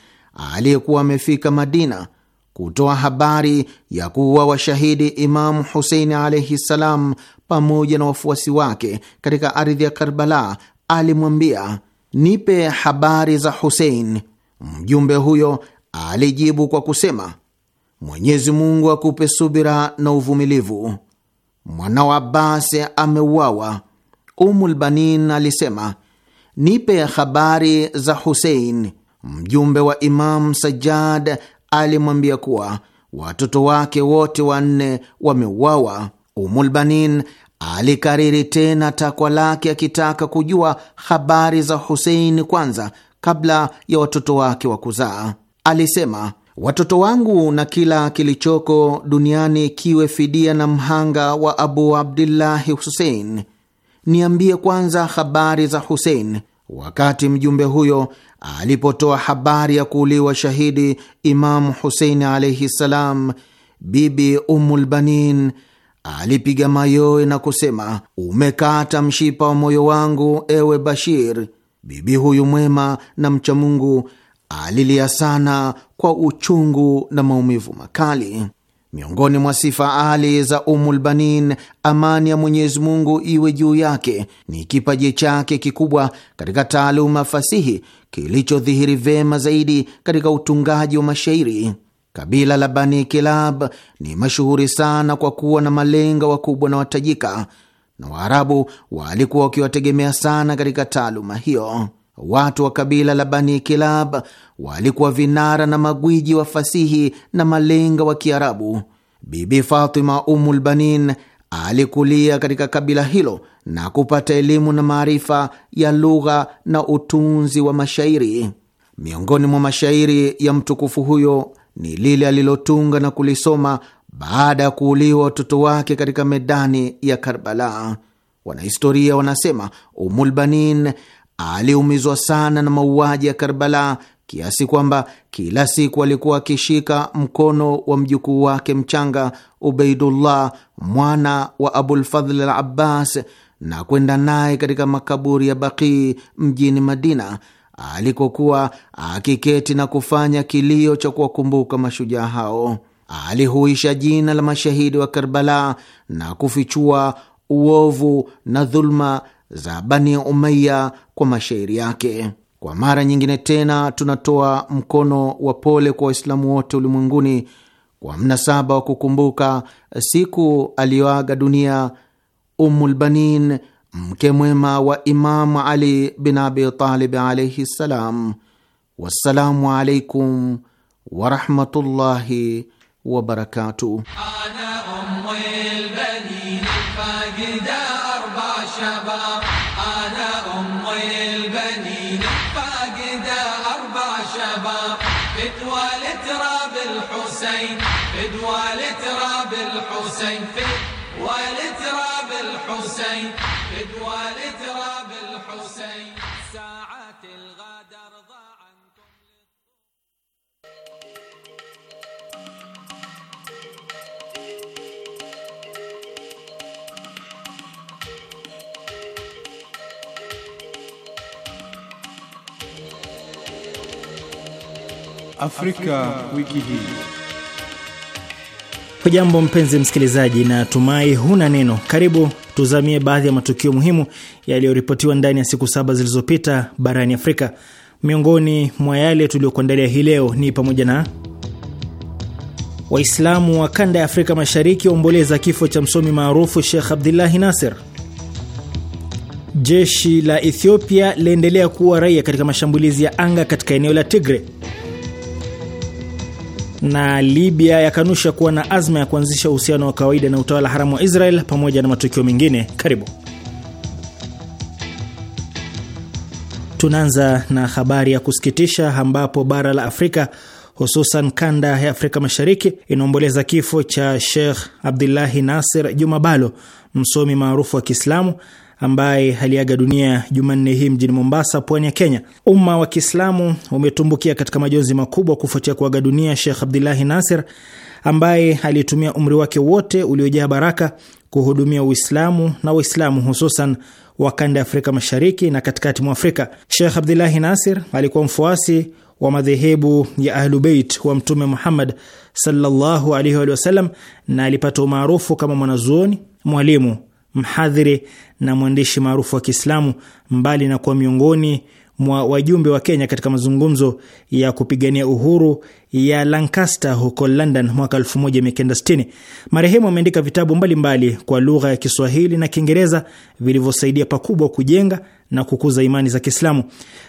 aliyekuwa amefika Madina kutoa habari ya kuwa washahidi Imamu Husein alaihi ssalam pamoja na wafuasi wake katika ardhi ya Karbala, alimwambia nipe habari za Husein. Mjumbe huyo alijibu kwa kusema, Mwenyezi Mungu akupe subira na uvumilivu. Mwana wa Abbas ameuawa. umulbanin alisema, nipe habari za Husein. Mjumbe wa Imam Sajjad alimwambia kuwa watoto wake wote wanne wameuawa. umulbanin alikariri tena takwa lake akitaka kujua habari za Husein kwanza kabla ya watoto wake wa kuzaa. Alisema, watoto wangu na kila kilichoko duniani kiwe fidia na mhanga wa Abu Abdillahi Husein. Niambie kwanza habari za Husein. Wakati mjumbe huyo alipotoa habari ya kuuliwa shahidi Imamu Husein alaihi ssalam, Bibi Ummulbanin alipiga mayowe na kusema, umekata mshipa wa moyo wangu, ewe Bashir. Bibi huyu mwema na mcha Mungu alilia sana kwa uchungu na maumivu makali. Miongoni mwa sifa ali za Umulbanin, amani ya Mwenyezi Mungu iwe juu yake, ni kipaji chake kikubwa katika taaluma fasihi kilichodhihiri vyema zaidi katika utungaji wa mashairi. Kabila la Bani Kilab ni mashuhuri sana kwa kuwa na malenga wakubwa na watajika na Waarabu walikuwa wakiwategemea sana katika taaluma hiyo. Watu wa kabila la Bani Kilab walikuwa vinara na magwiji wa fasihi na malenga wa Kiarabu. Bibi Fatima umulbanin alikulia katika kabila hilo na kupata elimu na maarifa ya lugha na utunzi wa mashairi. Miongoni mwa mashairi ya mtukufu huyo ni lile alilotunga na kulisoma baada ya kuuliwa watoto wake katika medani ya Karbala. Wanahistoria wanasema Umulbanin aliumizwa sana na mauaji ya Karbala kiasi kwamba kila siku alikuwa akishika mkono wa mjukuu wake mchanga Ubeidullah mwana wa Abulfadhl al Abbas na kwenda naye katika makaburi ya Baqii mjini Madina alikokuwa akiketi na kufanya kilio cha kuwakumbuka mashujaa hao alihuisha jina la mashahidi wa Karbala na kufichua uovu na dhuluma za Bani Umaya kwa mashairi yake. Kwa mara nyingine tena, tunatoa mkono wa pole kwa Waislamu wote ulimwenguni kwa mnasaba wa kukumbuka siku aliyoaga dunia Ummulbanin, mke mwema wa Imamu Ali bin Abi Talib alaihi ssalam. Wassalamu alaikum warahmatullahi وبركاته أنا أم البنين فاقدة أربع شباب أنا أم البنين فاقدة أربع شباب بدوال تراب الحسين بدوال تراب الحسين بدوال تراب الحسين بدوال تراب Afrika wiki hii. Hujambo mpenzi msikilizaji, na tumai huna neno. Karibu tuzamie baadhi ya matukio muhimu yaliyoripotiwa ndani ya siku saba zilizopita barani Afrika. Miongoni mwa yale tuliyokuandalia hii leo ni pamoja na Waislamu wa kanda ya Afrika Mashariki waomboleza kifo cha msomi maarufu Sheikh Abdullahi Nasir. Jeshi la Ethiopia laendelea kuwa raia katika mashambulizi ya anga katika eneo la Tigre na Libya yakanusha kuwa na azma ya kuanzisha uhusiano wa kawaida na utawala haramu wa Israel pamoja na matukio mengine. Karibu. Tunaanza na habari ya kusikitisha ambapo bara la Afrika hususan kanda ya Afrika Mashariki inaomboleza kifo cha Sheikh Abdullahi Nasir Juma Balo, msomi maarufu wa Kiislamu ambaye aliaga dunia Jumanne hii mjini Mombasa, pwani ya Kenya. Umma wa Kiislamu umetumbukia katika majonzi makubwa kufuatia kuaga dunia shekh Abdullahi Nasir ambaye alitumia umri wake wote uliojaa baraka kuhudumia Uislamu na Waislamu hususan wa kanda ya Afrika Mashariki na katikati mwa Afrika. shekh Abdullahi Nasir alikuwa mfuasi wa madhehebu ya Ahlubeit wa Mtume Muhammad sallallahu alaihi wa sallam na alipata umaarufu kama mwanazuoni, mwalimu mhadhiri na mwandishi maarufu wa Kiislamu, mbali na kuwa miongoni mwa wajumbe wa Kenya katika mazungumzo ya kupigania uhuru ya Lancaster huko London mwaka 1960. Marehemu ameandika vitabu mbalimbali mbali kwa lugha ya Kiswahili na Kiingereza vilivyosaidia pakubwa kujenga na kukuza imani za Kiislamu.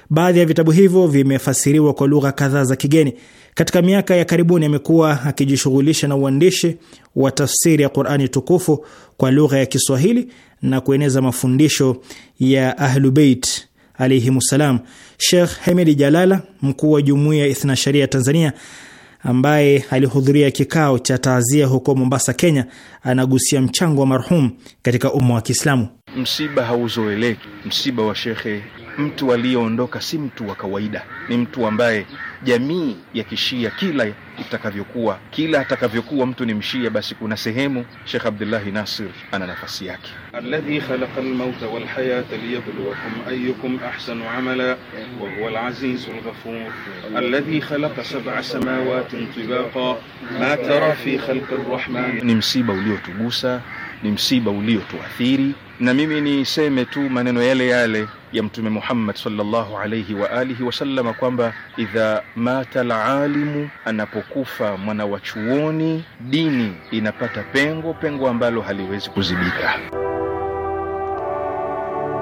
Baadhi ya vitabu hivyo vimefasiriwa kwa lugha kadhaa za kigeni. Katika miaka ya karibuni amekuwa akijishughulisha na uandishi wa tafsiri ya Qur'ani tukufu kwa lugha ya Kiswahili na kueneza mafundisho ya Ahlubeit alaihimussalam. Sheikh Hemedi Jalala, mkuu wa jumuiya ya Ithnasharia ya Tanzania, ambaye alihudhuria kikao cha taazia huko Mombasa, Kenya, anagusia mchango wa marhum katika umma wa Kiislamu. Msiba hauzoeleki, msiba wa shekhe mtu aliyeondoka si mtu wa kawaida, ni mtu ambaye jamii ya kishia kila itakavyokuwa, kila atakavyokuwa mtu ni mshia, basi kuna sehemu Sheikh Abdullahi Nasir ana nafasi yake. alladhi khalaqa almauta walhayata liyabluwakum ayyukum ahsanu amala wa huwa alazizul ghafur alladhi khalaqa sab'a samawati tibaqa ma tara fi khalqi arrahman. Ni msiba uliotugusa, ni msiba uliotuathiri na mimi niseme tu maneno yale yale ya Mtume Muhammad sallallahu alayhi wa alihi wasallama kwamba idha mata alalimu, anapokufa mwana wa chuoni, dini inapata pengo, pengo ambalo haliwezi kuzibika.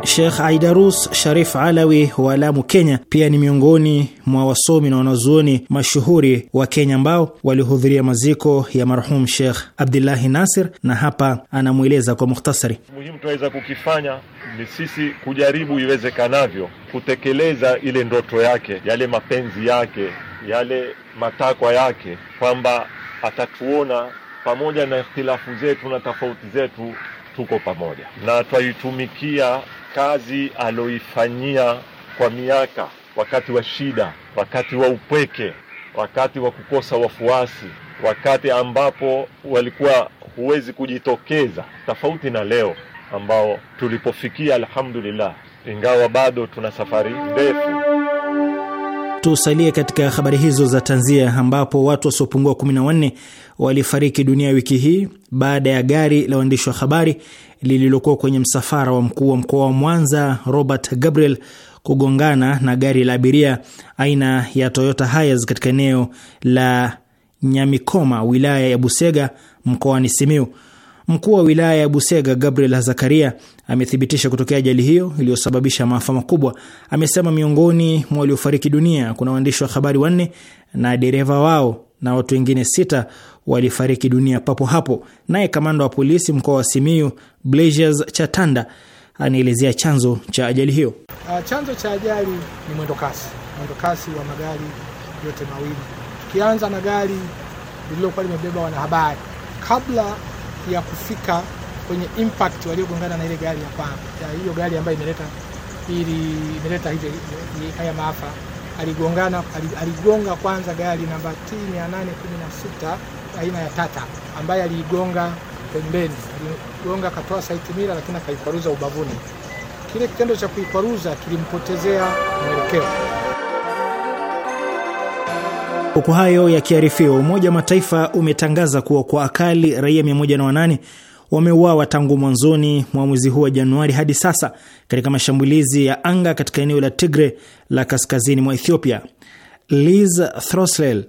Sheikh Aidarus Sharif Alawi wa Lamu, Kenya, pia ni miongoni mwa wasomi na wanazuoni mashuhuri wa Kenya ambao walihudhuria maziko ya marhum Sheikh Abdullahi Nasir, na hapa anamweleza kwa mukhtasari. Muhimu tunaweza kukifanya ni sisi kujaribu iwezekanavyo kutekeleza ile ndoto yake, yale mapenzi yake, yale matakwa yake, kwamba atatuona pamoja na ikhtilafu zetu na tofauti zetu tuko pamoja na twaitumikia kazi aloifanyia kwa miaka, wakati wa shida, wakati wa upweke, wakati wa kukosa wafuasi, wakati ambapo walikuwa huwezi kujitokeza, tofauti na leo ambao tulipofikia, alhamdulillah, ingawa bado tuna safari ndefu. Tusalie katika habari hizo za tanzia, ambapo watu wasiopungua 14 walifariki dunia wiki hii baada ya gari la waandishi wa habari lililokuwa kwenye msafara wa mkuu wa mkoa wa Mwanza Robert Gabriel kugongana na gari la abiria aina ya Toyota Hiace katika eneo la Nyamikoma, wilaya ya Busega, mkoani Simiu. Mkuu wa wilaya ya Busega Gabriel Zakaria amethibitisha kutokea ajali hiyo iliyosababisha maafa makubwa. Amesema miongoni mwa waliofariki dunia kuna waandishi wa habari wanne na dereva wao na watu wengine sita walifariki dunia papo hapo. Naye kamanda wa polisi mkoa wa Simiyu Blazers Chatanda anaelezea chanzo cha ajali hiyo. Ah, chanzo cha ajali ni mwendokasi, mwendokasi wa magari yote mawili, tukianza na gari lililokuwa limebeba wanahabari. Kabla ya kufika kwenye impact, waliogongana na ile gari ya kwanza, hiyo gari ambayo imeleta ili imeleta hivi haya maafa, aligongana aligonga kwanza gari namba T 816 aina ya Tata ambaye aliigonga pembeni, aligonga akatoa saitimira, lakini akaikwaruza ubavuni. Kile kitendo cha kuikwaruza kilimpotezea mwelekeo. Huku hayo yakiarifiwa, Umoja wa Mataifa umetangaza kuwa kwa akali raia 108 wameuawa tangu mwanzoni mwa mwezi huu wa Januari hadi sasa katika mashambulizi ya anga katika eneo la Tigre la kaskazini mwa Ethiopia. Liz Throslell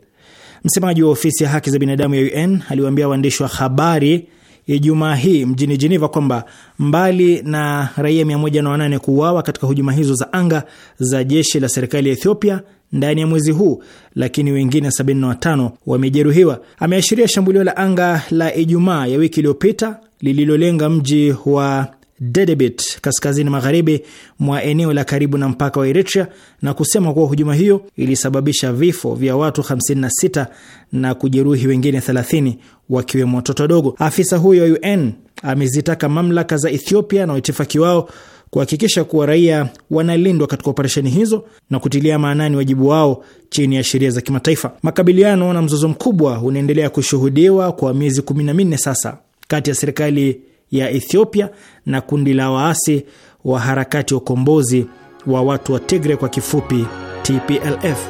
Msemaji wa ofisi ya haki za binadamu ya UN aliwaambia waandishi wa habari Ijumaa hii mjini jeneva kwamba mbali na raia 108 kuuawa katika hujuma hizo za anga za jeshi la serikali ya Ethiopia ndani ya mwezi huu, lakini wengine 75 wamejeruhiwa. Ameashiria shambulio la anga la Ijumaa ya wiki iliyopita lililolenga mji wa Dedebit kaskazini magharibi mwa eneo la karibu na mpaka wa Eritrea na kusema kuwa hujuma hiyo ilisababisha vifo vya watu 56 na kujeruhi wengine 30 wakiwemo watoto wadogo. Afisa huyo wa UN amezitaka mamlaka za Ethiopia na waitifaki wao kuhakikisha kuwa raia wanalindwa katika operesheni hizo na kutilia maanani wajibu wao chini ya sheria za kimataifa. Makabiliano na mzozo mkubwa unaendelea kushuhudiwa kwa miezi 14 sasa kati ya serikali ya Ethiopia na kundi la waasi wa harakati ya ukombozi wa watu wa Tigre kwa kifupi TPLF.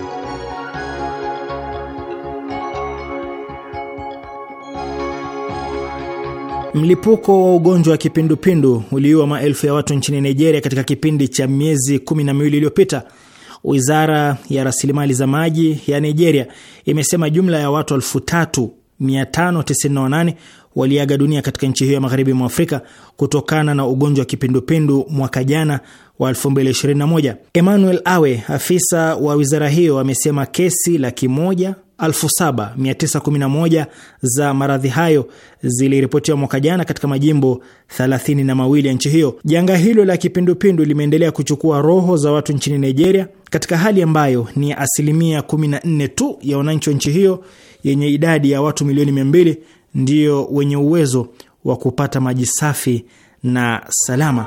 Mlipuko wa ugonjwa wa kipindupindu uliua maelfu ya watu nchini Nigeria katika kipindi cha miezi kumi na miwili iliyopita. Wizara ya rasilimali za maji ya Nigeria imesema jumla ya watu 3598 waliaga dunia katika nchi hiyo ya magharibi mwa Afrika kutokana na ugonjwa wa kipindupindu mwaka jana wa 2021. Emmanuel Awe, afisa wa wizara hiyo, amesema kesi laki moja 7911 za maradhi hayo ziliripotiwa mwaka jana katika majimbo 32 ya nchi hiyo. Janga hilo la kipindupindu limeendelea kuchukua roho za watu nchini Nigeria, katika hali ambayo ni asilimia 14 tu ya wananchi wa nchi hiyo yenye idadi ya watu milioni ndio wenye uwezo wa kupata maji safi na salama.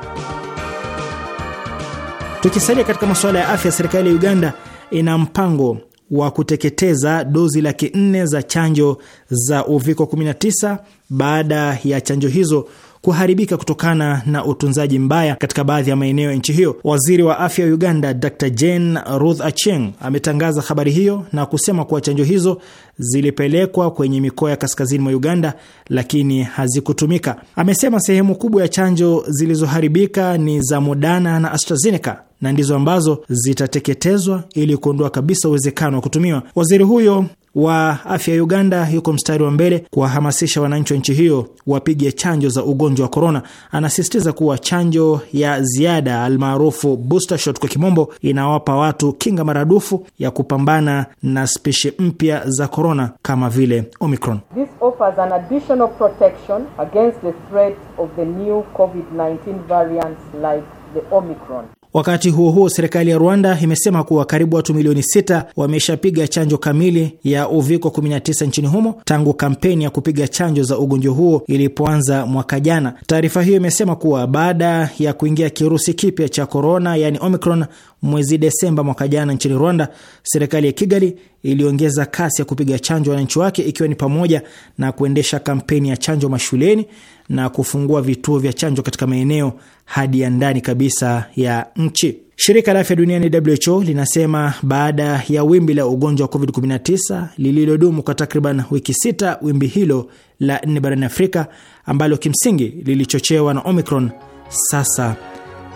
Tukisalia katika masuala ya afya, serikali ya Uganda ina mpango wa kuteketeza dozi laki nne za chanjo za uviko 19 baada ya chanjo hizo kuharibika kutokana na utunzaji mbaya katika baadhi ya maeneo ya nchi hiyo. Waziri wa afya wa Uganda Dr Jane Ruth Acheng ametangaza habari hiyo na kusema kuwa chanjo hizo zilipelekwa kwenye mikoa ya kaskazini mwa Uganda lakini hazikutumika. Amesema sehemu kubwa ya chanjo zilizoharibika ni za Moderna na AstraZeneca na ndizo ambazo zitateketezwa ili kuondoa kabisa uwezekano wa kutumiwa. Waziri huyo wa afya ya Uganda yuko mstari wa mbele kuwahamasisha wananchi wa nchi hiyo wapige chanjo za ugonjwa wa korona. Anasisitiza kuwa chanjo ya ziada almaarufu booster shot kwa kimombo, inawapa watu kinga maradufu ya kupambana na spishi mpya za korona kama vile Omicron. This offers an additional protection against the threat of the new COVID-19 variants like the Omicron. Wakati huo huo, serikali ya Rwanda imesema kuwa karibu watu milioni sita wameshapiga chanjo kamili ya uviko 19 nchini humo tangu kampeni ya kupiga chanjo za ugonjwa huo ilipoanza mwaka jana. Taarifa hiyo imesema kuwa baada ya kuingia kirusi kipya cha korona, yani Omicron, mwezi Desemba mwaka jana nchini Rwanda, serikali ya Kigali iliongeza kasi ya kupiga chanjo wananchi wake, ikiwa ni pamoja na kuendesha kampeni ya chanjo mashuleni na kufungua vituo vya chanjo katika maeneo hadi ya ndani kabisa ya nchi. Shirika la afya duniani WHO linasema baada ya wimbi la ugonjwa wa COVID-19 lililodumu kwa takriban wiki sita, wimbi hilo la nne barani Afrika ambalo kimsingi lilichochewa na Omicron sasa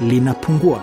linapungua.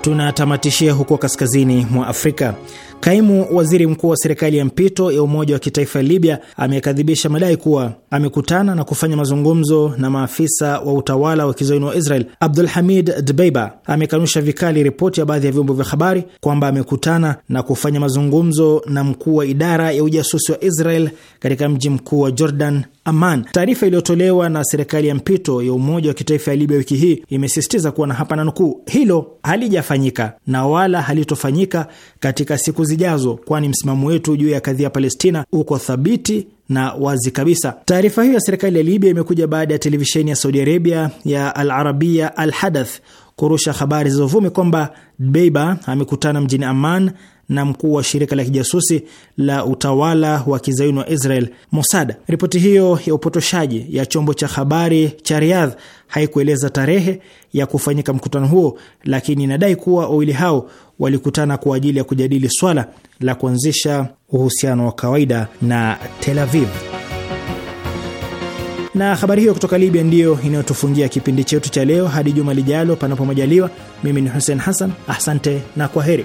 Tunatamatishia huko kaskazini mwa Afrika. Kaimu waziri mkuu wa serikali ya mpito ya Umoja wa Kitaifa ya Libya amekadhibisha madai kuwa amekutana na kufanya mazungumzo na maafisa wa utawala wa kizayuni wa Israel. Abdul Hamid Dbeiba amekanusha vikali ripoti ya baadhi ya vyombo vya habari kwamba amekutana na kufanya mazungumzo na mkuu wa idara ya ujasusi wa Israel katika mji mkuu wa Jordan, aman Taarifa iliyotolewa na serikali ya mpito ya Umoja wa Kitaifa ya Libya wiki hii imesisitiza kuwa, na hapa na nukuu, hilo halijafanyika na wala halitofanyika katika siku zijazo, kwani msimamo wetu juu ya kadhia Palestina uko thabiti na wazi kabisa. Taarifa hiyo ya serikali ya Libya imekuja baada ya televisheni ya Saudi Arabia ya Al Arabia Al Hadath kurusha habari zilizovumi kwamba Dbeiba amekutana mjini Amman na mkuu wa shirika la kijasusi la utawala wa kizayuni wa Israel Mossad. Ripoti hiyo ya upotoshaji ya chombo cha habari cha Riyadh haikueleza tarehe ya kufanyika mkutano huo, lakini inadai kuwa wawili hao walikutana kwa ajili ya kujadili swala la kuanzisha uhusiano wa kawaida na Tel Aviv. Na habari hiyo kutoka Libya ndiyo inayotufungia kipindi chetu cha leo. Hadi juma lijalo, panapo majaliwa. Mimi ni Hussein Hassan, asante na kwa heri.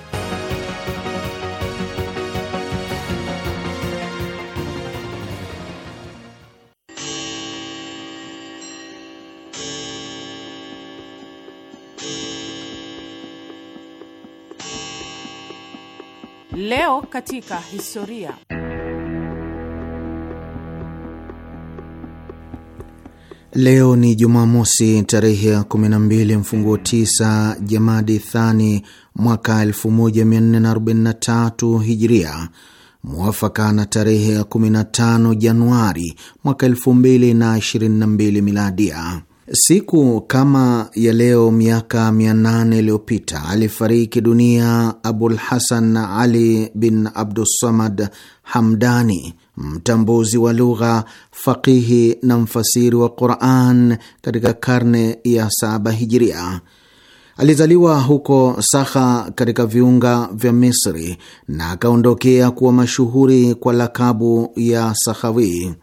Leo katika historia. Leo ni Jumamosi tarehe ya 12 mfunguo 9 Jamadi Thani mwaka 1443 Hijria, mwafaka na tarehe ya 15 Januari mwaka 2022 Miladia. Siku kama ya leo miaka 800 iliyopita alifariki dunia Abul Hasan Ali bin Abdussamad Hamdani, mtambuzi wa lugha, faqihi na mfasiri wa Quran katika karne ya saba Hijiria. Alizaliwa huko Sakha katika viunga vya Misri na akaondokea kuwa mashuhuri kwa lakabu ya Sakhawi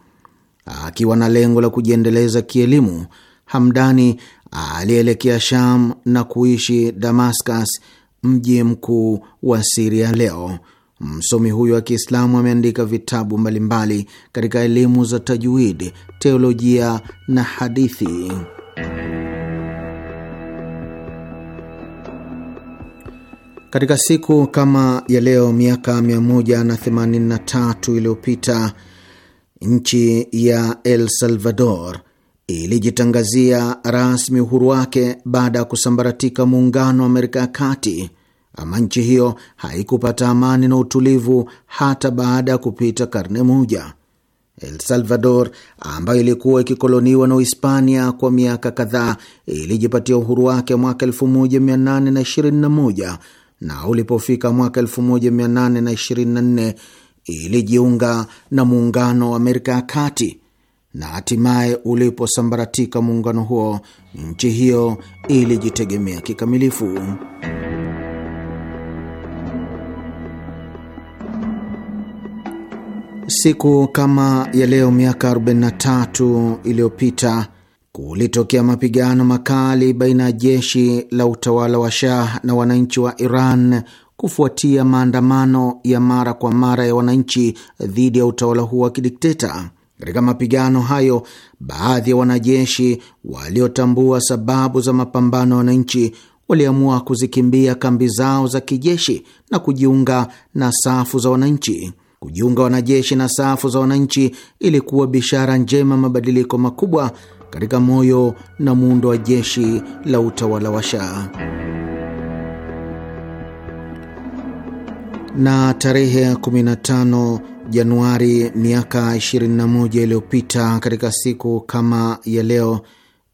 akiwa na lengo la kujiendeleza kielimu. Hamdani alielekea Sham na kuishi Damascus, mji mkuu wa Siria leo. Msomi huyo wa Kiislamu ameandika vitabu mbalimbali katika elimu za tajwid, teolojia na hadithi. Katika siku kama ya leo miaka 183 iliyopita nchi ya El Salvador ilijitangazia rasmi uhuru wake baada ya kusambaratika muungano wa Amerika ya Kati. Ama nchi hiyo haikupata amani na utulivu hata baada ya kupita karne moja. El Salvador ambayo ilikuwa ikikoloniwa na Uhispania kwa miaka kadhaa ilijipatia uhuru wake mwaka 1821 na, ulipofika mwaka 1824 ilijiunga na muungano wa Amerika ya Kati na hatimaye uliposambaratika muungano huo, nchi hiyo ilijitegemea kikamilifu. Siku kama ya leo miaka 43 iliyopita kulitokea mapigano makali baina ya jeshi la utawala wa Shah na wananchi wa Iran kufuatia maandamano ya mara kwa mara ya wananchi dhidi ya utawala huo wa kidikteta. Katika mapigano hayo, baadhi ya wanajeshi waliotambua sababu za mapambano ya wananchi waliamua kuzikimbia kambi zao za kijeshi na kujiunga na safu za wananchi. Kujiunga wanajeshi na safu za wananchi ilikuwa bishara njema, mabadiliko makubwa katika moyo na muundo wa jeshi la utawala wa shaa Na tarehe 15 Januari miaka 21 iliyopita katika siku kama ya leo,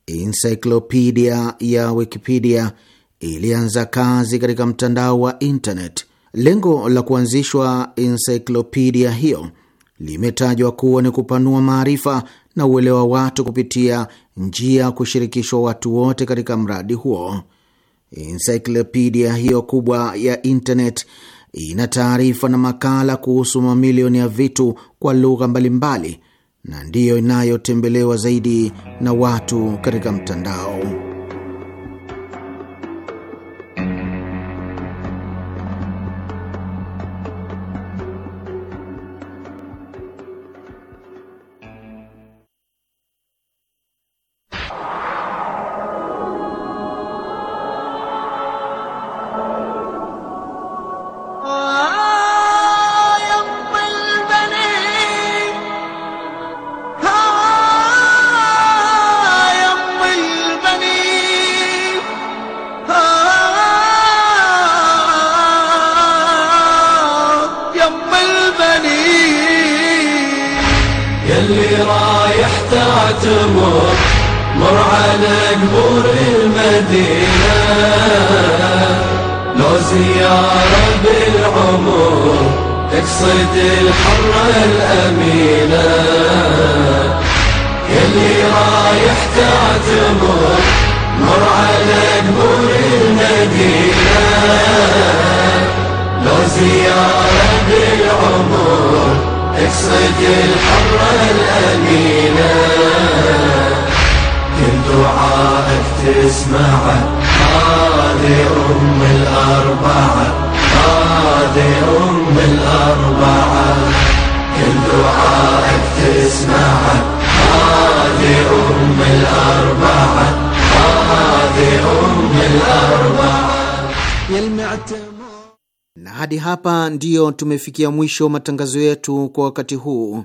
encyclopedia ya Wikipedia ilianza kazi katika mtandao wa internet. Lengo la kuanzishwa encyclopedia hiyo limetajwa kuwa ni kupanua maarifa na uelewa watu kupitia njia ya kushirikishwa watu wote katika mradi huo. Encyclopedia hiyo kubwa ya internet ina taarifa na makala kuhusu mamilioni ya vitu kwa lugha mbalimbali na ndiyo inayotembelewa zaidi na watu katika mtandao. مر على قبور المدينة لو زيارة بالعمر تقصد الحرة الأمينة يلي رايح تعتمر مر على قبور المدينة لو زيارة بالعمر اقصد الحرة الأمينة كل دعائك تسمعه هذه أم الأربعة هذه أم الأربعة كل دعائك تسمعه هذه أم الأربعة هذه أم الأربعة na hadi hapa ndiyo tumefikia mwisho matangazo yetu kwa wakati huu.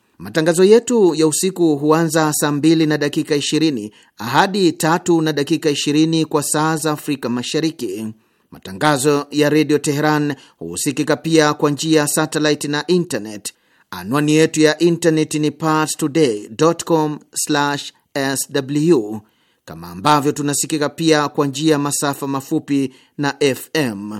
Matangazo yetu ya usiku huanza saa mbili na dakika 20 hadi tatu na dakika 20 kwa saa za Afrika Mashariki. Matangazo ya redio Teheran husikika pia kwa njia ya satellite na internet. Anwani yetu ya internet ni parstoday.com/sw, kama ambavyo tunasikika pia kwa njia ya masafa mafupi na FM.